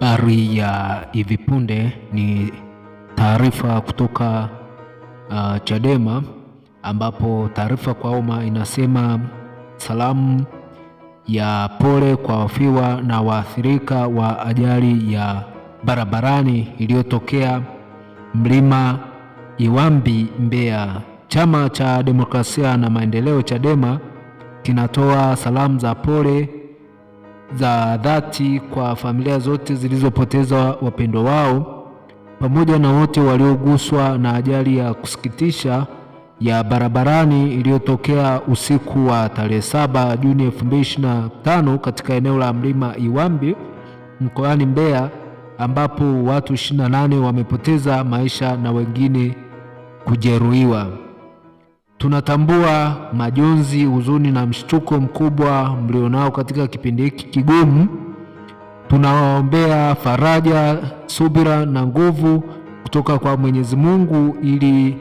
Habari ya hivi punde ni taarifa kutoka uh, Chadema ambapo taarifa kwa umma inasema salamu ya pole kwa wafiwa na waathirika wa ajali ya barabarani iliyotokea Mlima Iwambi Mbeya. Chama cha Demokrasia na Maendeleo Chadema kinatoa salamu za pole za dhati kwa familia zote zilizopoteza wapendwa wao pamoja na wote walioguswa na ajali ya kusikitisha ya barabarani iliyotokea usiku wa tarehe 7 Juni 2025 katika eneo la Mlima Iwambi mkoani Mbeya ambapo watu 28 wamepoteza maisha na wengine kujeruhiwa. Tunatambua majonzi, huzuni na mshtuko mkubwa mlionao katika kipindi hiki kigumu. Tunawaombea faraja, subira na nguvu kutoka kwa Mwenyezi Mungu ili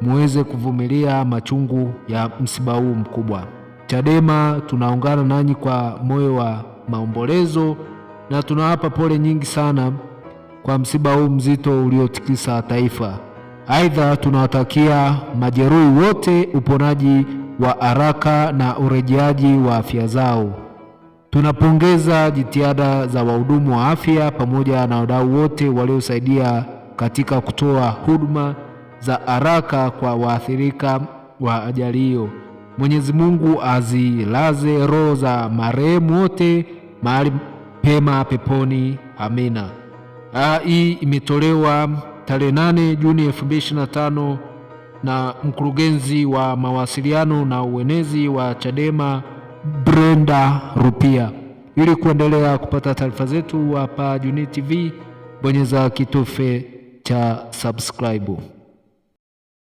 muweze kuvumilia machungu ya msiba huu mkubwa. Chadema tunaungana nanyi kwa moyo wa maombolezo na tunawapa pole nyingi sana kwa msiba huu mzito uliotikisa taifa. Aidha, tunawatakia majeruhi wote uponaji wa haraka na urejeaji wa afya zao. Tunapongeza jitihada za wahudumu wa afya pamoja na wadau wote waliosaidia katika kutoa huduma za haraka kwa waathirika wa ajali hiyo. Mwenyezi Mungu azilaze roho za marehemu wote mahali pema peponi. Amina. Hii imetolewa tarehe 8 Juni 2025 na mkurugenzi wa mawasiliano na uenezi wa Chadema Brenda Rupia. Ili kuendelea kupata taarifa zetu hapa Junii TV, bonyeza kitufe cha subscribe.